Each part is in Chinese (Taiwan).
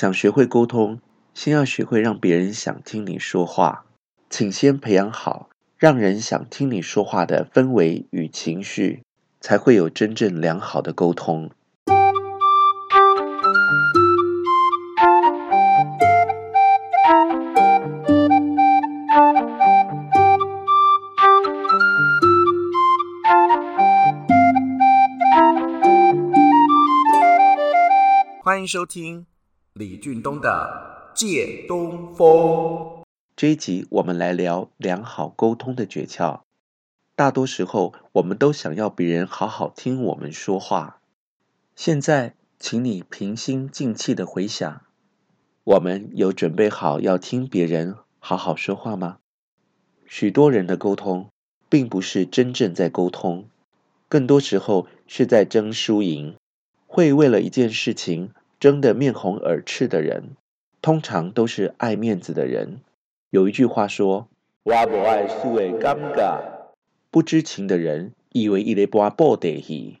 想學會溝通，先要學會讓別人想聽你說話。請先培養好讓人想聽你說話的氛圍與情緒，才會有真正良好的溝通。歡迎收聽。李俊東的《借東風》這一集，我們來聊良好溝通的訣竅。大多時候，我們都想要別人好好聽我們說話。現在，請你平心靜氣的回想，我們有準備好要聽別人好好說話嗎？許多人的溝通，並不是真正在溝通，更多時候是在爭輸贏，會為了一件事情。爭得面紅耳赤的人，通常都是愛面子的人。有一句話說：“我不，愛不知情的人以為伊咧巴抱得戲，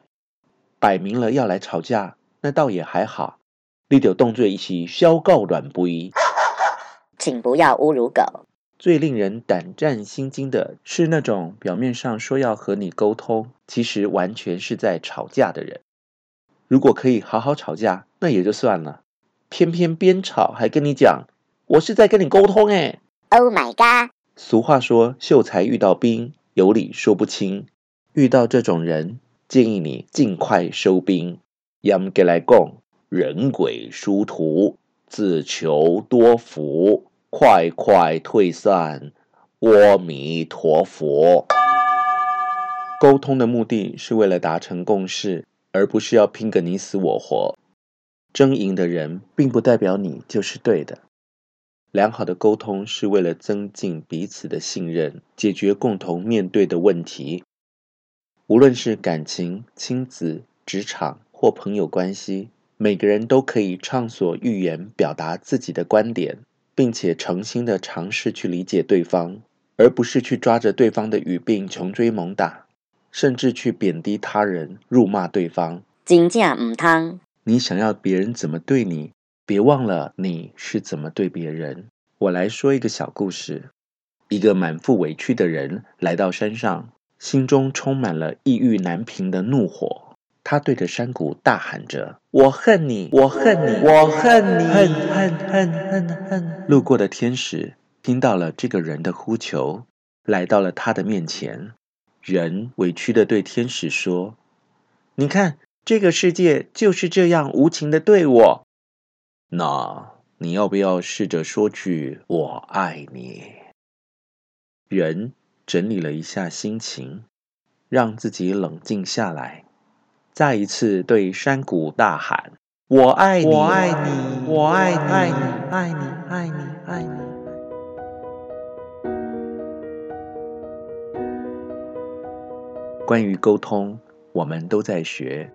擺明了要來吵架，那倒也還好。你得動作一起消狗亂不依。”請不要侮辱狗。最令人膽戰心驚的是那種表面上說要和你溝通，其實完全是在吵架的人。如果可以好好吵架，那也就算了。偏偏邊吵還跟你講，我是在跟你溝通哎。Oh my god！俗話說，秀才遇到兵，有理說不清。遇到這種人，建議你盡快收兵。y a m g a lai gong，人鬼殊途，自求多福，快快退散。阿彌陀佛。溝通的目的是為了達成共識。而不是要拼個你死我活，爭贏的人並不代表你就是對的。良好的溝通是為了增進彼此的信任，解決共同面對的問題。無論是感情、親子、職場或朋友關係，每個人都可以暢所欲言，表達自己的觀點，並且誠心的嘗試去理解對方，而不是去抓着對方的語病窮追猛打。甚至去貶低他人、辱罵對方，真正母湯。你想要別人怎麼對你，別忘了你是怎麼對別人。我來說一個小故事：一個滿腹委屈的人來到山上，心中充滿了抑鬱難平的怒火。他對着山谷大喊着：“我恨你，我恨你，我恨你，恨，你恨，恨，恨，恨恨恨恨恨！”路過的天使聽到了這個人的呼求，來到了他的面前。人委屈地對天使說：“你看，這個世界就是這樣無情的對我。那、no, 你要不要試着說句‘我愛你’？”人整理了一下心情，讓自己冷靜下來，再一次對山谷大喊：“我愛你，我愛你，我愛你，愛你，愛你，愛你，愛你。”關於溝通，我們都在學。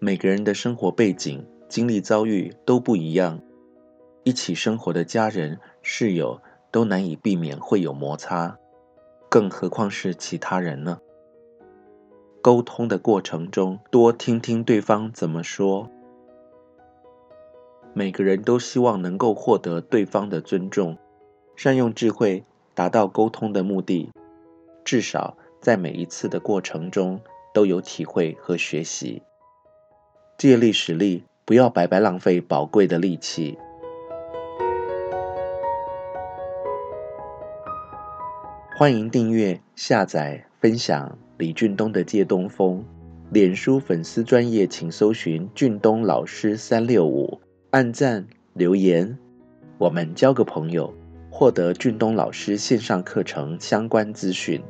每個人的生活背景、經歷遭遇都不一樣，一起生活的家人、室友都難以避免會有摩擦，更何況是其他人呢？溝通的過程中，多聽聽對方怎麼說。每個人都希望能夠獲得對方的尊重，善用智慧達到溝通的目的。至少，在每一次的過程中都有體會和學習，借力使力，不要白白浪費寶貴的力氣。歡迎訂閱、下載、分享李俊東的《借東風》。臉書粉絲專頁，請搜尋“俊東老師三六五”，按讚、留言，我們交個朋友，獲得俊東老師線上課程相關資訊。